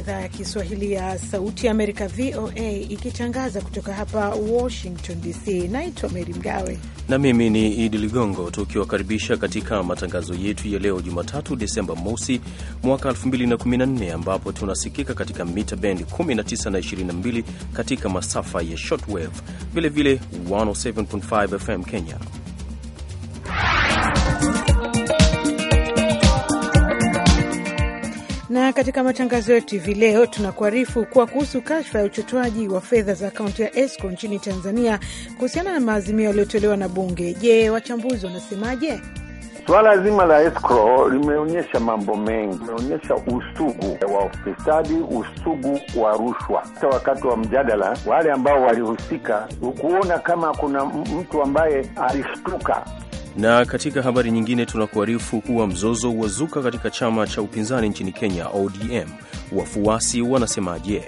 idhaa ya Kiswahili ya Sauti ya Amerika, VOA, ikitangaza kutoka hapa Washington DC. Naitwa Meri Mgawe na mimi ni Idi Ligongo, tukiwakaribisha katika matangazo yetu ya leo Jumatatu, Desemba mosi mwaka 2014, ambapo tunasikika katika mita bendi 19 na 22 katika masafa ya shortwave, vilevile 107.5 FM Kenya Na katika matangazo yetu hivi leo tunakuarifu kuwa kuhusu kashfa ya uchotoaji wa fedha za akaunti ya ESCO nchini Tanzania kuhusiana na maazimio yaliyotolewa na Bunge. Je, wachambuzi wanasemaje? suala zima la escrow limeonyesha mambo mengi, limeonyesha usugu wa ufisadi, usugu wa rushwa. Hata wakati wa mjadala, wale ambao walihusika, ukuona kama kuna mtu ambaye alishtuka na katika habari nyingine tunakuarifu kuwa mzozo wazuka katika chama cha upinzani nchini Kenya, ODM. Wafuasi wanasemaje?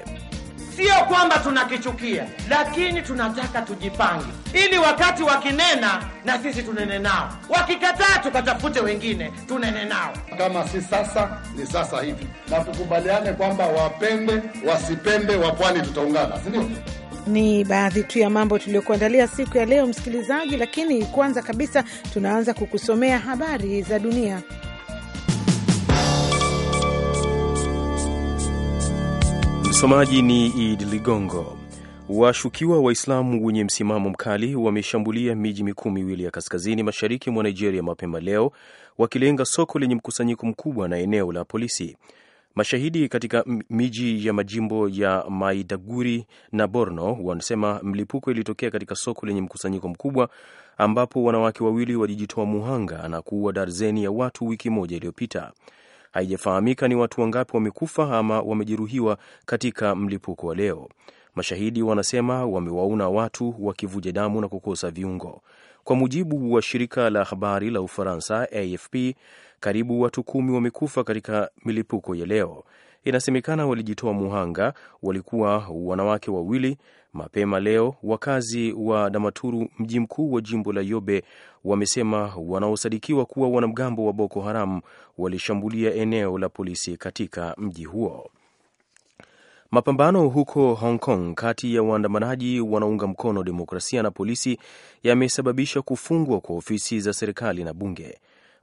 Sio kwamba tunakichukia, lakini tunataka tujipange, ili wakati wakinena na sisi tunene nao, wakikataa tukatafute wengine tunene nao. Kama si sasa, ni sasa hivi, na tukubaliane kwamba wapende wasipende, wapwani tutaungana, si ndio? Ni baadhi tu ya mambo tuliyokuandalia siku ya leo, msikilizaji, lakini kwanza kabisa tunaanza kukusomea habari za dunia. Msomaji ni Id Ligongo. Washukiwa Waislamu wenye msimamo mkali wameshambulia miji mikuu miwili ya kaskazini mashariki mwa Nigeria mapema leo, wakilenga soko lenye mkusanyiko mkubwa na eneo la polisi. Mashahidi katika miji ya majimbo ya Maiduguri na Borno wanasema mlipuko ilitokea katika soko lenye mkusanyiko mkubwa ambapo wanawake wawili walijitoa muhanga na kuua darzeni ya watu wiki moja iliyopita. Haijafahamika ni watu wangapi wamekufa ama wamejeruhiwa katika mlipuko wa leo. Mashahidi wanasema wamewaona watu wakivuja damu na kukosa viungo. Kwa mujibu wa shirika la habari la Ufaransa AFP, karibu watu kumi wamekufa katika milipuko ya leo. Inasemekana walijitoa muhanga walikuwa wanawake wawili. Mapema leo wakazi wa Damaturu, mji mkuu wa jimbo la Yobe, wamesema wanaosadikiwa kuwa wanamgambo wa Boko Haram walishambulia eneo la polisi katika mji huo. Mapambano huko Hong Kong kati ya waandamanaji wanaunga mkono demokrasia na polisi yamesababisha kufungwa kwa ofisi za serikali na bunge.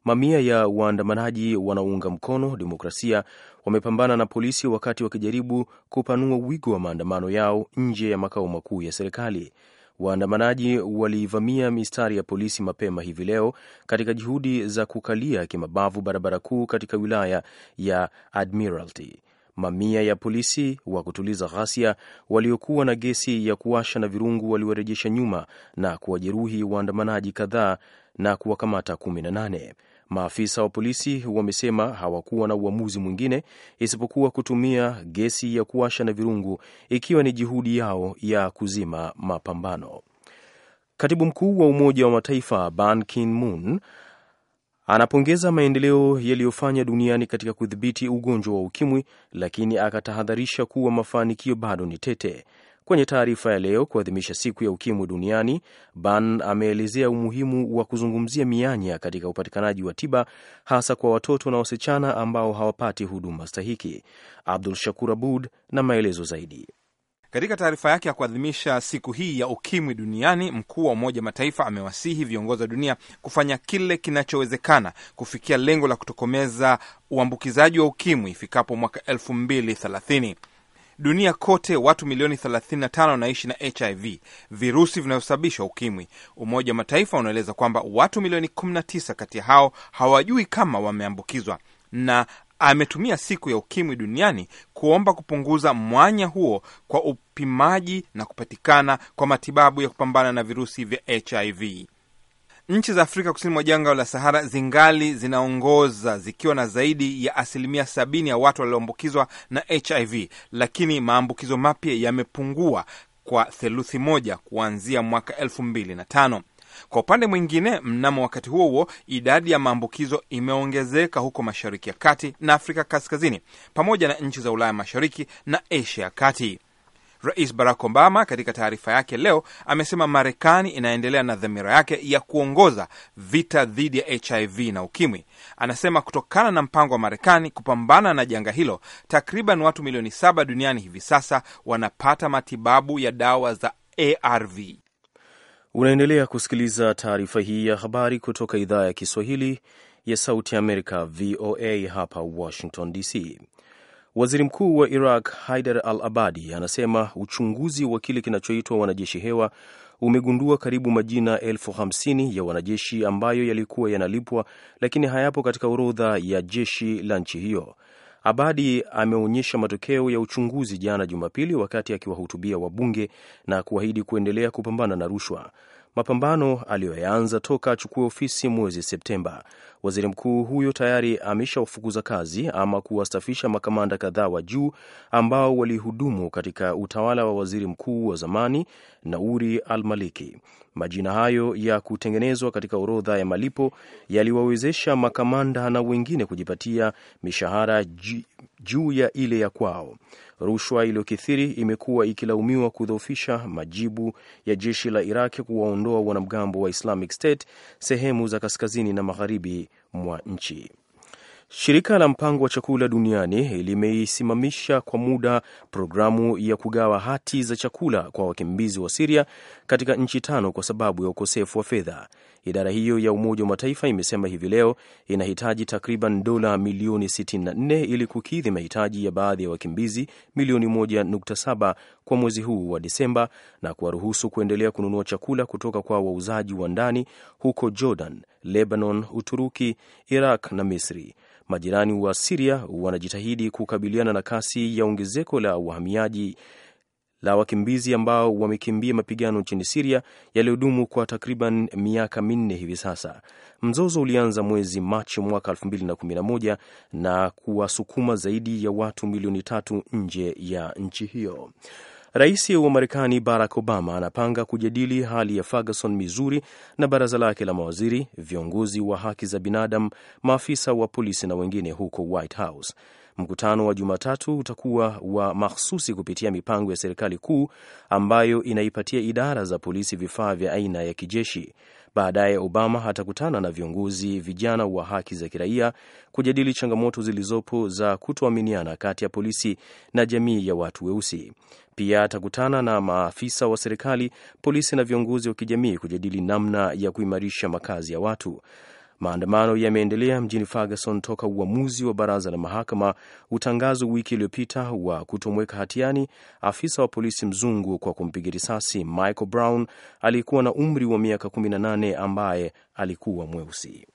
Mamia ya waandamanaji wanaounga mkono demokrasia wamepambana na polisi wakati wakijaribu kupanua wigo wa maandamano yao nje ya makao makuu ya serikali. Waandamanaji waliivamia mistari ya polisi mapema hivi leo katika juhudi za kukalia kimabavu barabara kuu katika wilaya ya Admiralty. Mamia ya polisi wa kutuliza ghasia waliokuwa na gesi ya kuwasha na virungu waliwarejesha nyuma na kuwajeruhi waandamanaji kadhaa na kuwakamata kumi na nane. Maafisa wa polisi wamesema hawakuwa na uamuzi mwingine isipokuwa kutumia gesi ya kuasha na virungu ikiwa ni juhudi yao ya kuzima mapambano. Katibu mkuu wa Umoja wa Mataifa Ban Ki-moon anapongeza maendeleo yaliyofanya duniani katika kudhibiti ugonjwa wa ukimwi, lakini akatahadharisha kuwa mafanikio bado ni tete. Kwenye taarifa ya leo kuadhimisha siku ya ukimwi duniani, Ban ameelezea umuhimu wa kuzungumzia mianya katika upatikanaji wa tiba hasa kwa watoto na wasichana ambao hawapati huduma stahiki. Abdul Shakur Abud na maelezo zaidi. Katika taarifa yake ya kuadhimisha siku hii ya ukimwi duniani, mkuu wa Umoja Mataifa amewasihi viongozi wa dunia kufanya kile kinachowezekana kufikia lengo la kutokomeza uambukizaji wa ukimwi ifikapo mwaka elfu mbili thelathini. Dunia kote watu milioni 35 wanaishi na HIV, virusi vinavyosababisha ukimwi. Umoja wa Mataifa unaeleza kwamba watu milioni 19 kati ya hao hawajui kama wameambukizwa na ametumia siku ya ukimwi duniani kuomba kupunguza mwanya huo kwa upimaji na kupatikana kwa matibabu ya kupambana na virusi vya HIV. Nchi za Afrika kusini mwa jangwa la Sahara zingali zinaongoza zikiwa na zaidi ya asilimia sabini ya watu walioambukizwa na HIV, lakini maambukizo mapya yamepungua kwa theluthi moja kuanzia mwaka elfu mbili na tano. Kwa upande mwingine, mnamo wakati huo huo, idadi ya maambukizo imeongezeka huko Mashariki ya Kati na Afrika Kaskazini, pamoja na nchi za Ulaya Mashariki na Asia ya Kati. Rais Barack Obama katika taarifa yake leo amesema Marekani inaendelea na dhamira yake ya kuongoza vita dhidi ya HIV na UKIMWI. Anasema kutokana na mpango wa Marekani kupambana na janga hilo, takriban watu milioni saba duniani hivi sasa wanapata matibabu ya dawa za ARV. Unaendelea kusikiliza taarifa hii ya habari kutoka idhaa ya Kiswahili ya Sauti ya Amerika, VOA hapa Washington DC. Waziri mkuu wa Iraq Haidar al-Abadi anasema uchunguzi wa kile kinachoitwa wanajeshi hewa umegundua karibu majina elfu hamsini ya wanajeshi ambayo yalikuwa yanalipwa lakini hayapo katika orodha ya jeshi la nchi hiyo. Abadi ameonyesha matokeo ya uchunguzi jana Jumapili wakati akiwahutubia wabunge na kuahidi kuendelea kupambana na rushwa mapambano aliyoyaanza toka achukue ofisi mwezi Septemba. Waziri mkuu huyo tayari ameshawafukuza kazi ama kuwastafisha makamanda kadhaa wa juu ambao walihudumu katika utawala wa waziri mkuu wa zamani Nauri al-Maliki. Majina hayo ya kutengenezwa katika orodha ya malipo yaliwawezesha makamanda na wengine kujipatia mishahara juu ya ile ya kwao. Rushwa iliyokithiri imekuwa ikilaumiwa kudhoofisha majibu ya jeshi la Iraq kuwaondoa wanamgambo wa Islamic State sehemu za kaskazini na magharibi mwa nchi. Shirika la mpango wa chakula duniani limeisimamisha kwa muda programu ya kugawa hati za chakula kwa wakimbizi wa Siria katika nchi tano kwa sababu ya ukosefu wa fedha. Idara hiyo ya Umoja wa Mataifa imesema hivi leo inahitaji takriban dola milioni 64 ili kukidhi mahitaji ya baadhi ya wakimbizi milioni 1.7 kwa mwezi huu wa Disemba na kuwaruhusu kuendelea kununua chakula kutoka kwa wauzaji wa ndani huko Jordan, Lebanon, Uturuki, Iraq na Misri. Majirani wa Siria wanajitahidi kukabiliana na kasi ya ongezeko la wahamiaji la wakimbizi ambao wamekimbia mapigano nchini Siria yaliyodumu kwa takriban miaka minne hivi sasa. Mzozo ulianza mwezi Machi mwaka 2011 na kuwasukuma zaidi ya watu milioni tatu nje ya nchi hiyo. Rais wa Marekani Barack Obama anapanga kujadili hali ya Ferguson, Missouri na baraza lake la mawaziri, viongozi wa haki za binadamu, maafisa wa polisi na wengine huko White House. Mkutano wa Jumatatu utakuwa wa mahsusi kupitia mipango ya serikali kuu ambayo inaipatia idara za polisi vifaa vya aina ya kijeshi. Baadaye Obama atakutana na viongozi vijana wa haki za kiraia kujadili changamoto zilizopo za kutoaminiana kati ya polisi na jamii ya watu weusi. Pia atakutana na maafisa wa serikali, polisi na viongozi wa kijamii kujadili namna ya kuimarisha makazi ya watu. Maandamano yameendelea mjini Ferguson toka uamuzi wa baraza la mahakama utangazo wiki iliyopita wa kutomweka hatiani afisa wa polisi mzungu kwa kumpiga risasi Michael Brown aliyekuwa na umri wa miaka 18 ambaye alikuwa mweusi.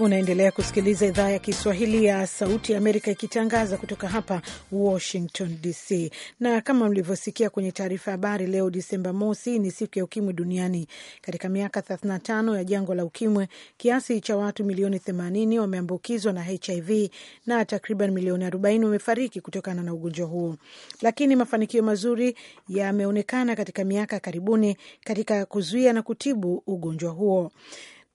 Unaendelea kusikiliza idhaa ya Kiswahili ya Sauti ya Amerika ikitangaza kutoka hapa Washington DC, na kama mlivyosikia kwenye taarifa habari, leo Disemba mosi ni siku ya ukimwi duniani. Katika miaka 35 ya jangwa la ukimwi, kiasi cha watu milioni 80 wameambukizwa na HIV na takriban milioni 40 wamefariki kutokana na ugonjwa huo, lakini mafanikio mazuri yameonekana katika miaka karibuni katika kuzuia na kutibu ugonjwa huo.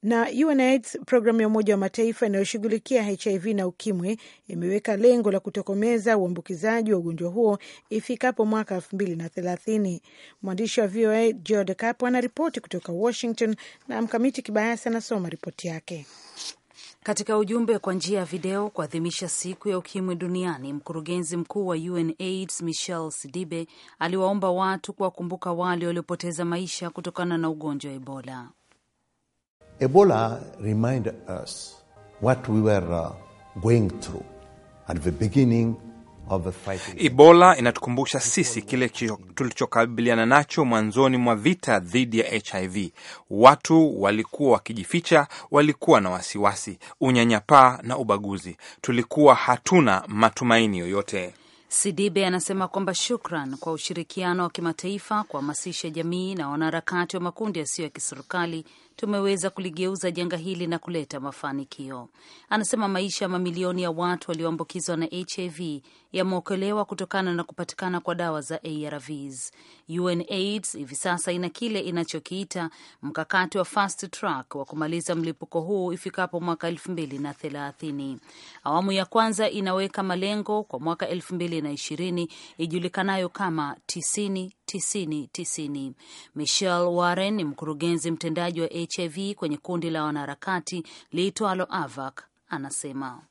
Na UNAIDS, programu ya Umoja wa Mataifa inayoshughulikia HIV na ukimwi, imeweka lengo la kutokomeza uambukizaji wa ugonjwa huo ifikapo mwaka elfu mbili na thelathini. Mwandishi wa VOA George Capo anaripoti kutoka Washington na Mkamiti Kibayasi anasoma ripoti yake. Katika ujumbe kwa njia ya video kuadhimisha siku ya ukimwi duniani, mkurugenzi mkuu wa UNAIDS michel Sidibe aliwaomba watu kuwakumbuka wale waliopoteza maisha kutokana na ugonjwa wa Ebola. Ebola reminded us what we were uh, going through at the beginning of the fight. Ebola inatukumbusha sisi kile tulichokabiliana nacho mwanzoni mwa vita dhidi ya HIV. Watu walikuwa wakijificha, walikuwa na wasiwasi, unyanyapaa na ubaguzi. Tulikuwa hatuna matumaini yoyote. Sidibe anasema kwamba shukran kwa ushirikiano wa kimataifa kuhamasisha jamii na wanaharakati wa makundi yasiyo ya kiserikali tumeweza kuligeuza janga hili na kuleta mafanikio. Anasema maisha ya mamilioni ya watu walioambukizwa na HIV yameokolewa kutokana na kupatikana kwa dawa za ARVs. UNAIDS hivi sasa ina kile inachokiita mkakati wa fast track wa kumaliza mlipuko huu ifikapo mwaka thelathini. Awamu ya kwanza inaweka malengo kwa mwaka ishirini ijulikanayo kama tisini tisini michel Michelle Warren ni mkurugenzi mtendaji wa HIV kwenye kundi la wanaharakati liitwalo AVAC anasema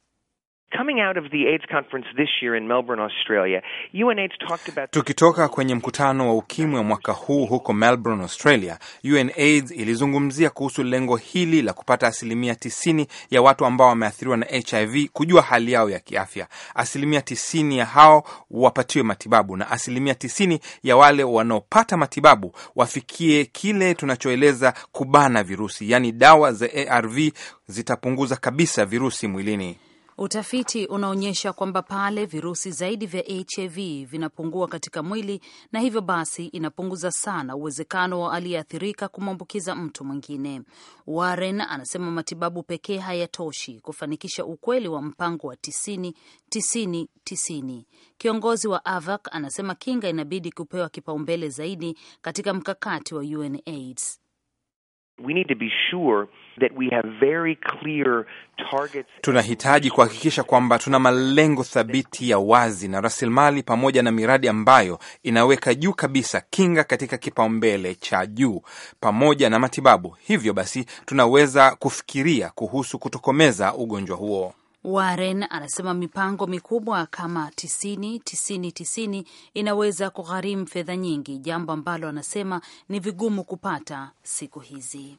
Coming out of the AIDS conference this year in Melbourne, Australia, UNAIDS talked about... Tukitoka kwenye mkutano wa ukimwi wa mwaka huu huko Melbourne, Australia, UNAIDS ilizungumzia kuhusu lengo hili la kupata asilimia tisini ya watu ambao wameathiriwa na HIV kujua hali yao ya kiafya, asilimia tisini ya hao wapatiwe matibabu na asilimia tisini ya wale wanaopata matibabu wafikie kile tunachoeleza kubana virusi, yaani dawa za ARV zitapunguza kabisa virusi mwilini. Utafiti unaonyesha kwamba pale virusi zaidi vya HIV vinapungua katika mwili na hivyo basi inapunguza sana uwezekano wa aliyeathirika kumwambukiza mtu mwingine. Warren anasema matibabu pekee hayatoshi kufanikisha ukweli wa mpango wa tisini tisini tisini. Kiongozi wa AVAC anasema kinga inabidi kupewa kipaumbele zaidi katika mkakati wa UNAIDS. Tunahitaji kuhakikisha kwamba tuna malengo thabiti ya wazi na rasilimali pamoja na miradi ambayo inaweka juu kabisa kinga katika kipaumbele cha juu pamoja na matibabu. Hivyo basi tunaweza kufikiria kuhusu kutokomeza ugonjwa huo. Warren anasema mipango mikubwa kama tisini tisini tisini inaweza kugharimu fedha nyingi, jambo ambalo anasema ni vigumu kupata siku hizi.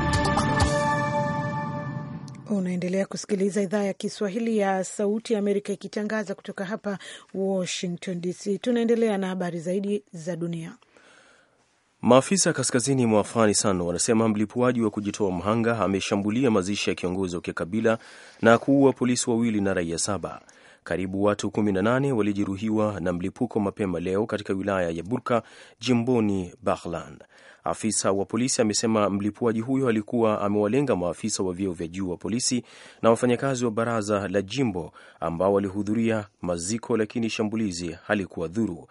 Unaendelea kusikiliza idhaa ya Kiswahili ya Sauti ya Amerika ikitangaza kutoka hapa Washington DC. Tunaendelea na habari zaidi za dunia. Maafisa kaskazini mwa Afghanistan wanasema mlipuaji wa kujitoa mhanga ameshambulia mazishi ya kiongozi wa kikabila na kuua polisi wawili na raia saba. Karibu watu 18 walijeruhiwa na mlipuko mapema leo katika wilaya ya Burka jimboni Baghlan. Afisa wa polisi amesema mlipuaji huyo alikuwa amewalenga maafisa wa vyeo vya juu wa polisi na wafanyakazi wa baraza la jimbo ambao walihudhuria maziko, lakini shambulizi halikuwa dhuru.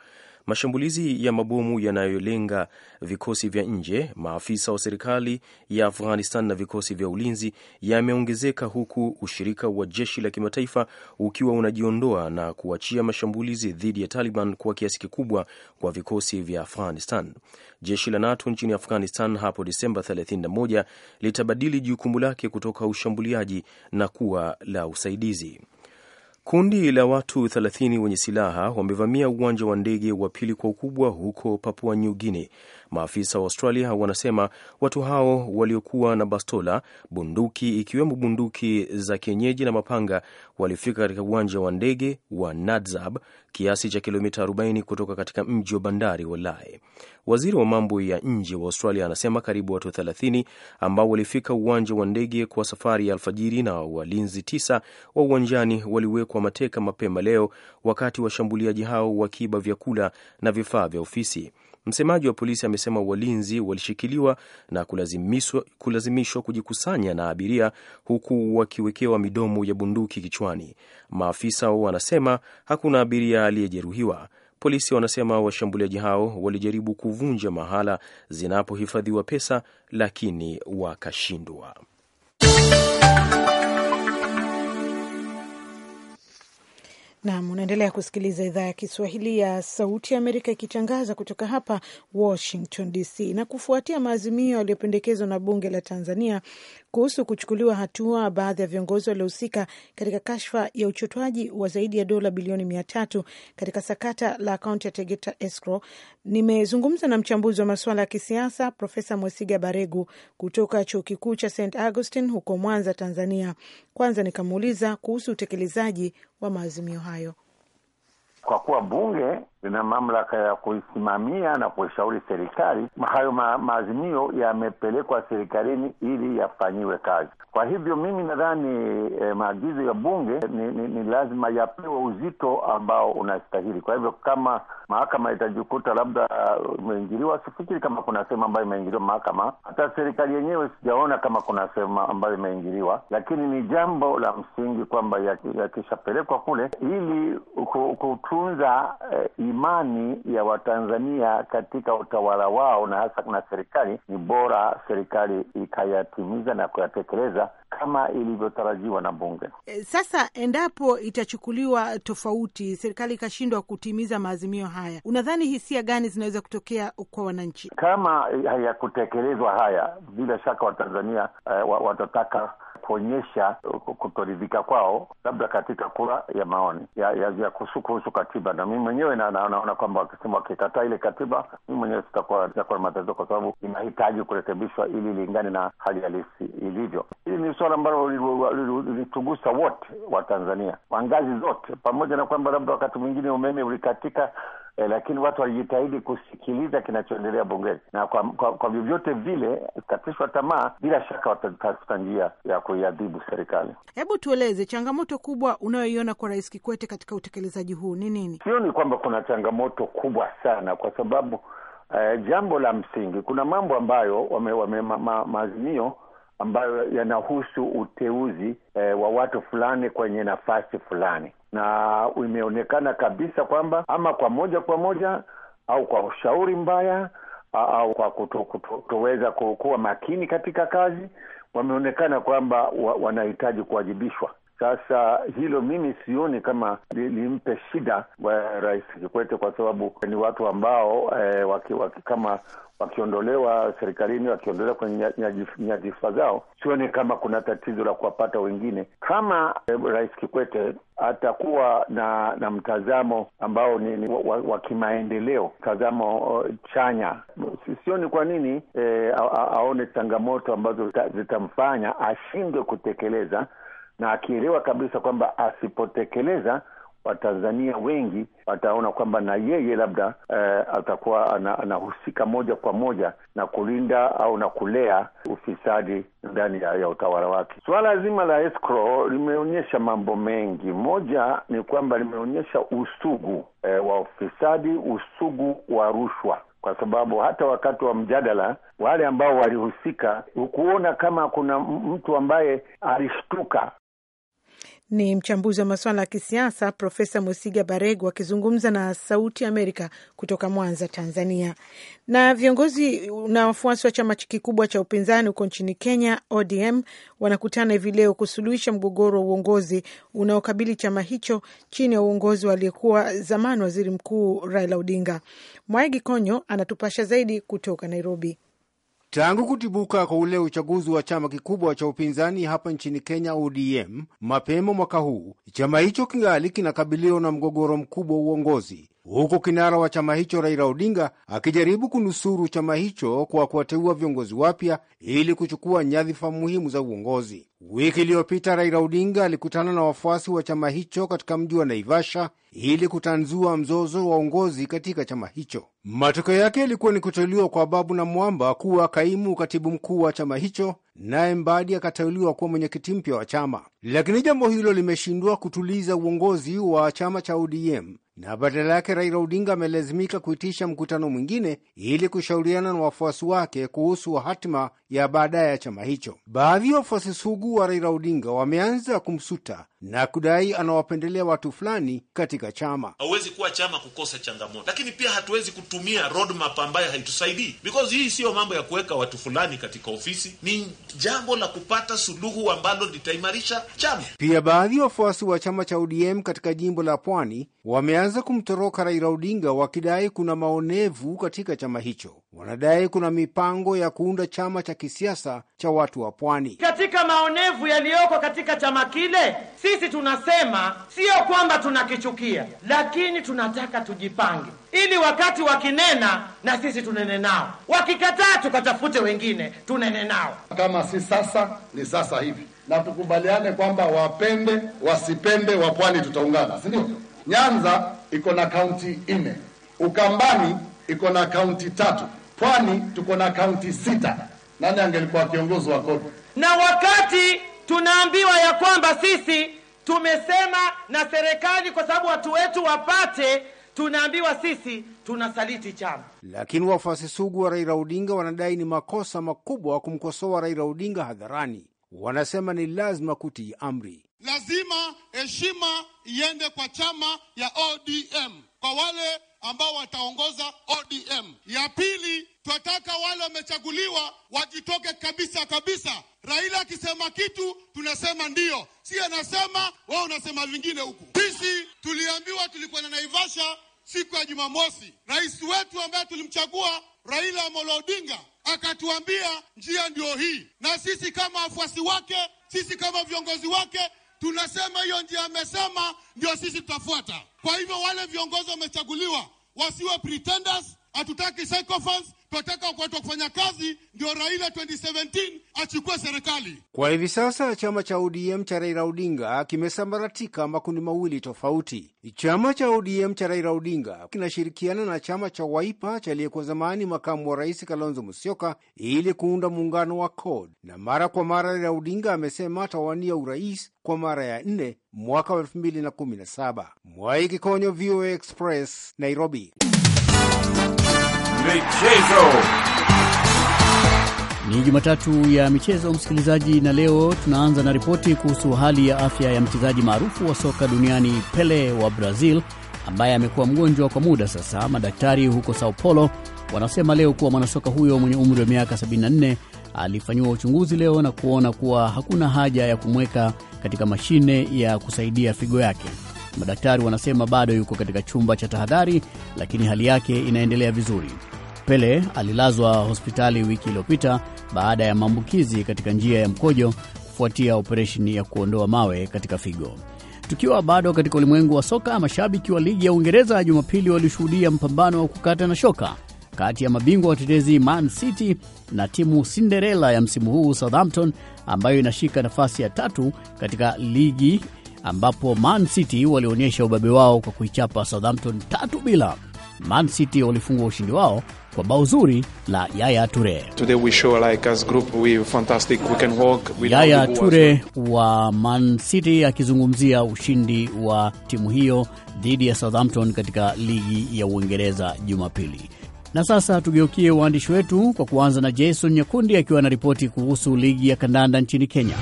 Mashambulizi ya mabomu yanayolenga vikosi vya nje, maafisa wa serikali ya Afghanistan na vikosi vya ulinzi yameongezeka, huku ushirika wa jeshi la kimataifa ukiwa unajiondoa na kuachia mashambulizi dhidi ya Taliban kwa kiasi kikubwa kwa vikosi vya Afghanistan. Jeshi la NATO nchini Afghanistan hapo disemba 31 litabadili jukumu lake kutoka ushambuliaji na kuwa la usaidizi. Kundi la watu 30 wenye silaha wamevamia uwanja wa ndege wa pili kwa ukubwa huko Papua New Guinea Maafisa wa Australia wanasema watu hao waliokuwa na bastola, bunduki ikiwemo bunduki za kienyeji na mapanga walifika katika uwanja wa ndege wa Nadzab kiasi cha kilomita 40 kutoka katika mji wa bandari wa Lae. Waziri wa mambo ya nje wa Australia anasema karibu watu 30 ambao walifika uwanja wa ndege kwa safari ya alfajiri na walinzi tisa wa uwanjani waliwekwa mateka mapema leo wakati washambuliaji hao wakiiba vyakula na vifaa vya ofisi. Msemaji wa polisi amesema walinzi walishikiliwa na kulazimishwa kujikusanya na abiria huku wakiwekewa midomo ya bunduki kichwani. Maafisa wanasema hakuna abiria aliyejeruhiwa. Polisi wanasema washambuliaji hao walijaribu kuvunja mahala zinapohifadhiwa pesa lakini wakashindwa. Nam, unaendelea kusikiliza idhaa ya Kiswahili ya Sauti ya Amerika ikitangaza kutoka hapa Washington DC. Na kufuatia maazimio yaliyopendekezwa na bunge la Tanzania kuhusu kuchukuliwa hatua baadhi ya viongozi waliohusika katika kashfa ya uchotwaji wa zaidi ya dola bilioni mia tatu katika sakata la akaunti ya Tegeta Escrow, nimezungumza na mchambuzi wa masuala ya kisiasa Profesa Mwesiga Baregu kutoka chuo kikuu cha St Augustine huko Mwanza, Tanzania. Kwanza nikamuuliza kuhusu utekelezaji wa maazimio hayo, kwa kuwa bunge lina mamlaka ya kuisimamia na kuishauri serikali. Hayo ma, maazimio yamepelekwa serikalini ili yafanyiwe kazi. Kwa hivyo mimi nadhani e, maagizo ya bunge ni, ni, ni lazima yapewe uzito ambao unastahili. Kwa hivyo kama mahakama itajikuta labda uh, imeingiliwa, uh, sifikiri kama kuna sehemu ambayo imeingiliwa mahakama. Hata serikali yenyewe sijaona kama kuna sehemu ambayo imeingiliwa, lakini ni jambo la msingi kwamba yakishapelekwa ya kule ili kutunza eh, imani ya Watanzania katika utawala wao na hasa na serikali, ni bora serikali ikayatimiza na kuyatekeleza kama ilivyotarajiwa na Bunge. Eh, sasa endapo itachukuliwa tofauti, serikali ikashindwa kutimiza maazimio haya, unadhani hisia gani zinaweza kutokea kwa wananchi? Kama hayakutekelezwa haya, bila shaka Watanzania eh, watataka kuonyesha uh, kutoridhika kwao, labda katika kura ya maoni ya, ya, ya kuhusu katiba. Na mii mwenyewe naona na, na, kwamba wakisema wakikataa ile katiba, mi mwenyewe sitakuwa na matatizo, kwa sababu inahitaji kurekebishwa ili ilingane na hali halisi ilivyo. Hili ni suala ambalo lilitugusa wote wa Tanzania wa ngazi zote, pamoja na kwamba labda wakati mwingine umeme ulikatika eh, lakini watu walijitahidi kusikiliza kinachoendelea bungeni, na kwa kwa, kwa vyovyote vile katishwa tamaa, bila shaka watatafuta njia ya kuiadhibu serikali. Hebu tueleze changamoto kubwa unayoiona kwa Rais Kikwete katika utekelezaji huu ni nini? Sioni kwamba kuna changamoto kubwa sana kwa sababu eh, jambo la msingi, kuna mambo ambayo wame, wame, ma, ma, maazimio ambayo yanahusu uteuzi eh, wa watu fulani kwenye nafasi fulani na imeonekana kabisa kwamba ama kwa moja kwa moja au kwa ushauri mbaya au kwa kutoweza kuwa makini katika kazi, wameonekana kwamba wanahitaji kuwajibishwa. Sasa hilo mimi sioni kama limpe shida wa Rais Kikwete kwa sababu ni watu ambao eh, waki, waki, kama wakiondolewa serikalini, wakiondolewa kwenye nyadhifa zao, sioni kama kuna tatizo la kuwapata wengine. Kama eh, Rais Kikwete atakuwa na na mtazamo ambao ni, ni wa, wa kimaendeleo, mtazamo eh, chanya, sioni kwa nini eh, aone changamoto ambazo zitamfanya ashindwe kutekeleza na akielewa kabisa kwamba asipotekeleza Watanzania wengi wataona kwamba na yeye labda eh, atakuwa anahusika ana moja kwa moja na kulinda au na kulea ufisadi ndani ya, ya utawala wake. Suala zima la escrow limeonyesha mambo mengi. Moja ni kwamba limeonyesha usugu eh, wa ufisadi, usugu wa rushwa kwa sababu hata wakati wa mjadala wale ambao walihusika hukuona kama kuna mtu ambaye alishtuka ni mchambuzi wa masuala ya kisiasa Profesa Mwesiga Baregu akizungumza na Sauti Amerika kutoka Mwanza, Tanzania. Na viongozi na wafuasi wa chama kikubwa cha upinzani huko nchini Kenya, ODM, wanakutana hivi leo kusuluhisha mgogoro wa uongozi unaokabili chama hicho chini ya uongozi wa aliyekuwa zamani waziri mkuu Raila Odinga. Mwaigi Konyo anatupasha zaidi kutoka Nairobi. Tangu kutibuka kwa ule uchaguzi wa chama kikubwa cha upinzani hapa nchini Kenya, ODM, mapema mwaka huu, chama hicho kingali kinakabiliwa na mgogoro mkubwa wa uongozi huku kinara wa chama hicho Raila Odinga akijaribu kunusuru chama hicho kwa kuwateua viongozi wapya ili kuchukua nyadhifa muhimu za uongozi. Wiki iliyopita Raila Odinga alikutana na wafuasi wa chama hicho katika mji wa Naivasha ili kutanzua mzozo wa uongozi katika chama hicho. Matokeo yake yalikuwa ni kuteuliwa kwa Babu na Mwamba kuwa kaimu katibu mkuu wa chama hicho, naye Mbadi akateuliwa kuwa mwenyekiti mpya wa chama, lakini jambo hilo limeshindwa kutuliza uongozi wa chama cha ODM na badala yake Raila Odinga amelazimika kuitisha mkutano mwingine ili kushauriana na wafuasi wake kuhusu hatima ya baadaye ya chama hicho. Baadhi ya wafuasi sugu wa Raila Odinga wameanza kumsuta na kudai anawapendelea watu fulani katika chama. Hauwezi kuwa chama kukosa changamoto, lakini pia hatuwezi kutumia roadmap ambayo haitusaidii, because hii siyo mambo ya kuweka watu fulani katika ofisi, ni jambo la kupata suluhu ambalo litaimarisha chama. Pia baadhi ya wafuasi wa chama cha ODM katika jimbo la Pwani wameanza kumtoroka Raila Odinga wakidai kuna maonevu katika chama hicho wanadai kuna mipango ya kuunda chama cha kisiasa cha watu wa pwani. Katika maonevu yaliyoko katika chama kile, sisi tunasema sio kwamba tunakichukia, lakini tunataka tujipange, ili wakati wakinena na sisi tunene nao, wakikataa tukatafute wengine tunene nao. Kama si sasa, ni sasa hivi, na tukubaliane kwamba wapende wasipende, wa pwani tutaungana, si ndio? Nyanza iko na kaunti nne, Ukambani iko na kaunti tatu Pwani tuko na kaunti sita. Nani angelikuwa kiongozi wa kodi? Na wakati tunaambiwa ya kwamba sisi tumesema na serikali kwa sababu watu wetu wapate, tunaambiwa sisi tunasaliti chama. Lakini wafuasi sugu wa Raila Odinga wanadai ni makosa makubwa kumkosoa Raila Odinga hadharani. Wanasema ni lazima kutii amri, lazima heshima iende kwa chama ya ODM, kwa wale ambao wataongoza ODM. Ya pili, tunataka wale wamechaguliwa wajitoke kabisa kabisa. Raila akisema kitu tunasema ndio, si anasema wao unasema vingine huku. Sisi tuliambiwa, tulikuwa na Naivasha siku ya Jumamosi, rais wetu ambaye tulimchagua Raila Amolo Odinga akatuambia njia ndio hii, na sisi kama wafuasi wake, sisi kama viongozi wake tunasema hiyo ndio amesema, ndio sisi tutafuata. Kwa hivyo wale viongozi wamechaguliwa wasiwe pretenders, hatutaki sycophants, tunataka kuwatwa kufanya kazi, ndio Raila 2017 achukue serikali. Kwa hivi sasa chama cha ODM cha Raila Odinga kimesambaratika makundi mawili tofauti. Chama cha ODM cha Raila Odinga kinashirikiana na chama cha Waipa cha aliyekuwa zamani makamu wa rais Kalonzo Musyoka ili kuunda muungano wa CORD, na mara kwa mara Raila Odinga amesema atawania urais kwa mara ya nne mwaka wa 2017. Mwai Kikonyo, VOA Express, Nairobi. Michezo. Ni Jumatatu ya michezo, msikilizaji, na leo tunaanza na ripoti kuhusu hali ya afya ya mchezaji maarufu wa soka duniani Pele wa Brazil ambaye amekuwa mgonjwa kwa muda sasa. Madaktari huko Sao Paulo wanasema leo kuwa mwanasoka huyo mwenye umri wa miaka 74 alifanyiwa uchunguzi leo na kuona kuwa hakuna haja ya kumweka katika mashine ya kusaidia figo yake. Madaktari wanasema bado yuko katika chumba cha tahadhari, lakini hali yake inaendelea vizuri. Pele alilazwa hospitali wiki iliyopita baada ya maambukizi katika njia ya mkojo kufuatia operesheni ya kuondoa mawe katika figo. Tukiwa bado katika ulimwengu wa soka, mashabiki wa ligi ya Uingereza Jumapili walishuhudia mpambano wa kukata na shoka kati ya mabingwa watetezi Man City na timu Cinderella ya msimu huu Southampton, ambayo inashika nafasi ya tatu katika ligi, ambapo Man City walionyesha ubabe wao kwa kuichapa Southampton tatu bila. Man City walifungwa ushindi wao kwa bao zuri la Yaya Ture. Yaya Ture wa Man City akizungumzia ushindi wa timu hiyo dhidi ya Southampton katika ligi ya Uingereza Jumapili. Na sasa tugeukie waandishi wetu kwa kuanza na Jason Nyakundi akiwa ripoti kuhusu ligi ya kandanda nchini Kenya.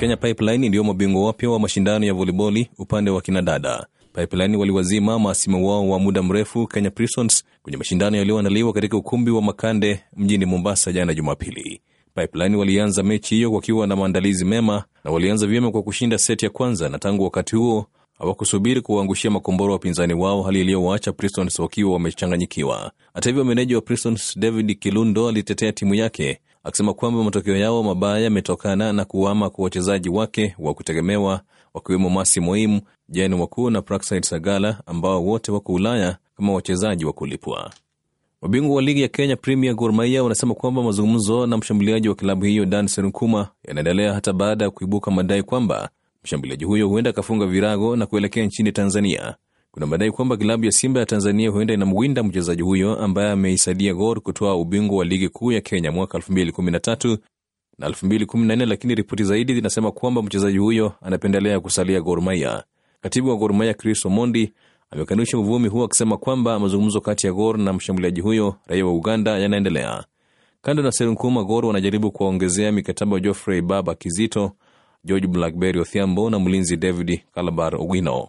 Kenya Pipeline ndiyo mabingwa wapya wa mashindano ya voliboli upande wa kinadada. Pipeline waliwazima maasimu wao wa muda mrefu Kenya Prisons kwenye mashindano yaliyoandaliwa katika ukumbi wa Makande mjini Mombasa jana Jumapili. Pipeline walianza mechi hiyo wakiwa na maandalizi mema na walianza vyema kwa kushinda seti ya kwanza, na tangu wakati huo hawakusubiri kuwaangushia makombora wapinzani wao, hali iliyowaacha Prisons wakiwa wamechanganyikiwa. Hata hivyo, meneja wa Prisons David Kilundo alitetea timu yake akisema kwamba matokeo yao mabaya yametokana na kuama kwa wachezaji wake wa kutegemewa wakiwemo Masi muhimu Jan Wakuu na Prakside Sagala ambao wote wako Ulaya kama wachezaji wa kulipwa. Mabingwa wa ligi ya Kenya Premier Gor Mahia wanasema kwamba mazungumzo na mshambuliaji wa klabu hiyo Dan Serunkuma yanaendelea hata baada ya kuibuka madai kwamba mshambuliaji huyo huenda akafunga virago na kuelekea nchini Tanzania. Kuna madai kwamba klabu ya Simba ya Tanzania huenda inamwinda mchezaji huyo ambaye ameisaidia Gor kutoa ubingwa wa ligi kuu ya Kenya mwaka 2013 na 2014 lakini ripoti zaidi zinasema kwamba mchezaji huyo anapendelea kusalia Gor Mahia. Katibu wa Gor Mahia Chris Omondi amekanusha uvumi huo akisema kwamba mazungumzo kati ya Gor na mshambuliaji huyo raia wa Uganda yanaendelea. Kando na Serunkuma, Gor wanajaribu kuwaongezea mikataba Geoffrey Baba Kizito, George Blackberry Othiambo na mlinzi David Calabar Ogwino.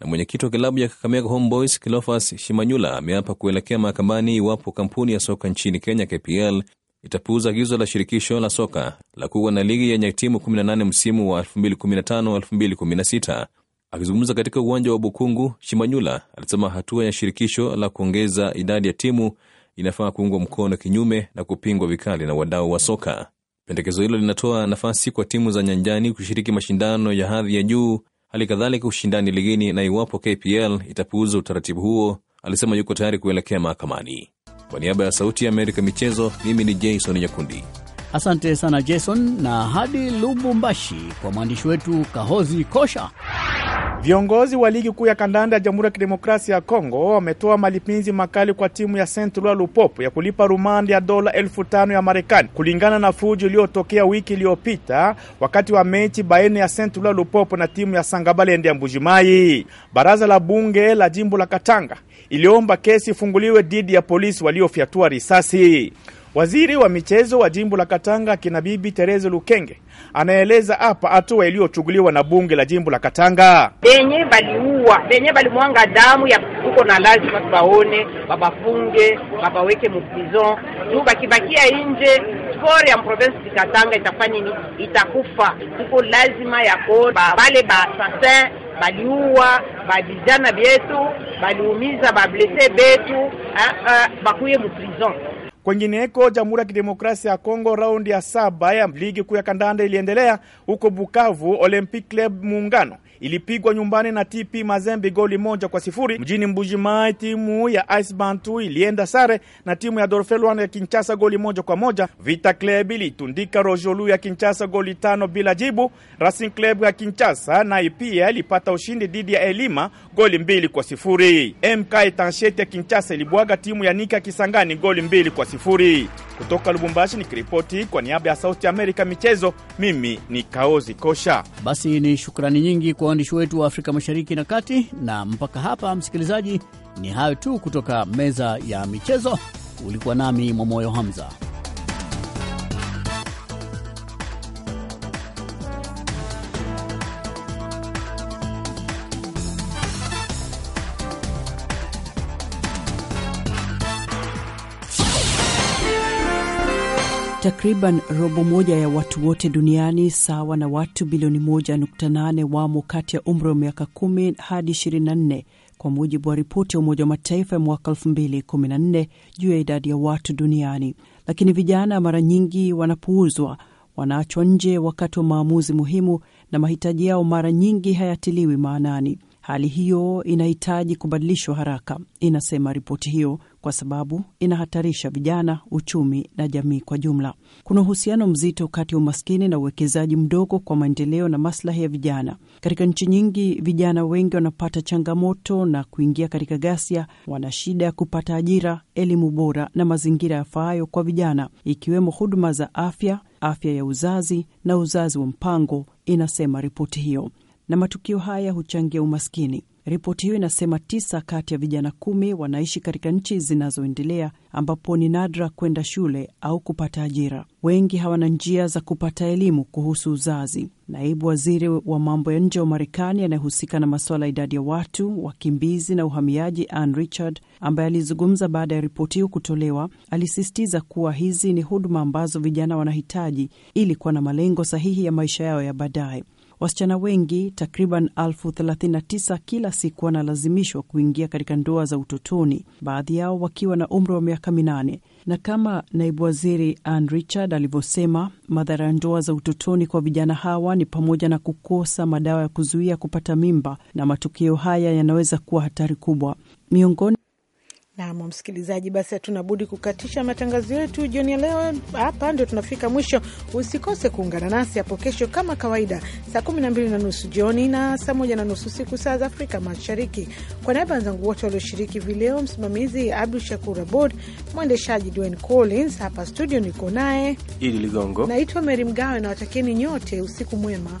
Na mwenyekiti wa kilabu ya Kakamega Homeboys Kilofas Shimanyula ameapa kuelekea mahakamani iwapo kampuni ya soka nchini Kenya KPL itapuuza agizo la shirikisho la soka la kuwa na ligi yenye timu 18 msimu wa 2015-2016. Akizungumza katika uwanja wa Bukungu, Shimanyula alisema hatua ya shirikisho la kuongeza idadi ya timu inafaa kuungwa mkono kinyume na kupingwa vikali na wadau wa soka. Pendekezo hilo linatoa nafasi kwa timu za nyanjani kushiriki mashindano ya hadhi ya juu, hali kadhalika ushindani ligini, na iwapo KPL itapuuza utaratibu huo, alisema yuko tayari kuelekea mahakamani. Kwa niaba ya Sauti ya Amerika michezo, mimi ni Jason Nyakundi. Asante sana Jason, na hadi Lubumbashi kwa mwandishi wetu Kahozi Kosha. Viongozi wa ligi kuu ya kandanda ya Jamhuri ya Kidemokrasia ya Kongo wametoa malipinzi makali kwa timu ya Saint Eloi Lupopo ya kulipa rumande ya dola elfu tano ya Marekani kulingana na fujo iliyotokea wiki iliyopita wakati wa mechi baina ya Saint Eloi Lupopo na timu ya sangabalendi ya mbujimai Baraza la bunge la jimbo la Katanga iliomba kesi ifunguliwe dhidi ya polisi waliofyatua risasi. Waziri wa michezo wa jimbo la Katanga kina bibi Lukenge anaeleza hapa hatua iliyochukuliwa na bunge la jimbo la Katanga. Benye baliua benye balimwanga damu ya kuko na lazima tubaone, babafunge babaweke muprizon juu bakibakia nje sport ya mprovensi Katanga itafanya nini? Itakufa. Tuko lazima ya kuona bale basasin baliuwa badijana byetu baliumiza bablese betu eh, eh, bakuye mu prison Kwengineko, Jamhuri ya Kidemokrasia ya Kongo, raundi ya saba ya ligi kuu ya kandanda iliendelea huko Bukavu. Olympic Club Muungano ilipigwa nyumbani na TP Mazembe goli moja kwa sifuri. Mjini Mbujimai, timu ya Ice Bantu ilienda sare na timu ya Dorfelwan ya Kinshasa goli moja kwa moja. Vita Club ilitundika Rojolu ya kinchasa goli tano bila jibu. Racing Club ya kinchasa nayo pia ilipata ushindi dhidi ya Elima goli mbili kwa sifuri. MK Tansheti ya kinchasa ilibwaga timu ya Nika Kisangani goli mbili kwa sifuri. Kutoka Lubumbashi nikiripoti kwa niaba ya Sauti Amerika michezo, mimi ni Kaozi Kosha. Basi ni shukrani nyingi kwa waandishi wetu wa Afrika Mashariki na Kati, na mpaka hapa msikilizaji, ni hayo tu kutoka meza ya michezo. Ulikuwa nami Momoyo Hamza. Takriban robo moja ya watu wote duniani sawa na watu bilioni 1.8 wamo kati ya umri wa miaka 10 hadi 24 kwa mujibu wa ripoti ya Umoja wa Mataifa ya mwaka 2014 juu ya idadi ya watu duniani. Lakini vijana mara nyingi wanapuuzwa, wanaachwa nje wakati wa maamuzi muhimu, na mahitaji yao mara nyingi hayatiliwi maanani. Hali hiyo inahitaji kubadilishwa haraka, inasema ripoti hiyo kwa sababu inahatarisha vijana, uchumi na jamii kwa jumla. Kuna uhusiano mzito kati ya umaskini na uwekezaji mdogo kwa maendeleo na maslahi ya vijana. Katika nchi nyingi, vijana wengi wanapata changamoto na kuingia katika ghasia, wana shida ya kupata ajira, elimu bora na mazingira yafaayo kwa vijana, ikiwemo huduma za afya, afya ya uzazi na uzazi wa mpango, inasema ripoti hiyo, na matukio haya huchangia umaskini. Ripoti hiyo inasema tisa kati ya vijana kumi wanaishi katika nchi zinazoendelea ambapo ni nadra kwenda shule au kupata ajira. Wengi hawana njia za kupata elimu kuhusu uzazi. Naibu waziri wa mambo ya nje wa Marekani anayehusika na masuala ya idadi ya watu, wakimbizi na uhamiaji, Ann Richard, ambaye alizungumza baada ya ripoti hiyo kutolewa, alisisitiza kuwa hizi ni huduma ambazo vijana wanahitaji ili kuwa na malengo sahihi ya maisha yao ya baadaye. Wasichana wengi takriban elfu 39 kila siku wanalazimishwa kuingia katika ndoa za utotoni, baadhi yao wakiwa na umri wa miaka minane. Na kama naibu waziri Ann Richard alivyosema, madhara ya ndoa za utotoni kwa vijana hawa ni pamoja na kukosa madawa ya kuzuia kupata mimba, na matukio haya yanaweza kuwa hatari kubwa miongoni Nam msikilizaji, basi hatunabudi kukatisha matangazo yetu jioni ya leo. Hapa ndio tunafika mwisho. Usikose kuungana nasi hapo kesho kama kawaida, saa 12 na nusu jioni na saa 1 na nusu siku saa za Afrika Mashariki. Kwa niaba wenzangu wote walioshiriki vileo, msimamizi Abdu Shakur Abod, mwendeshaji Dwayne Collins, hapa studio niko naye Idi Ligongo, naitwa Meri Mgawe na watakieni nyote usiku mwema.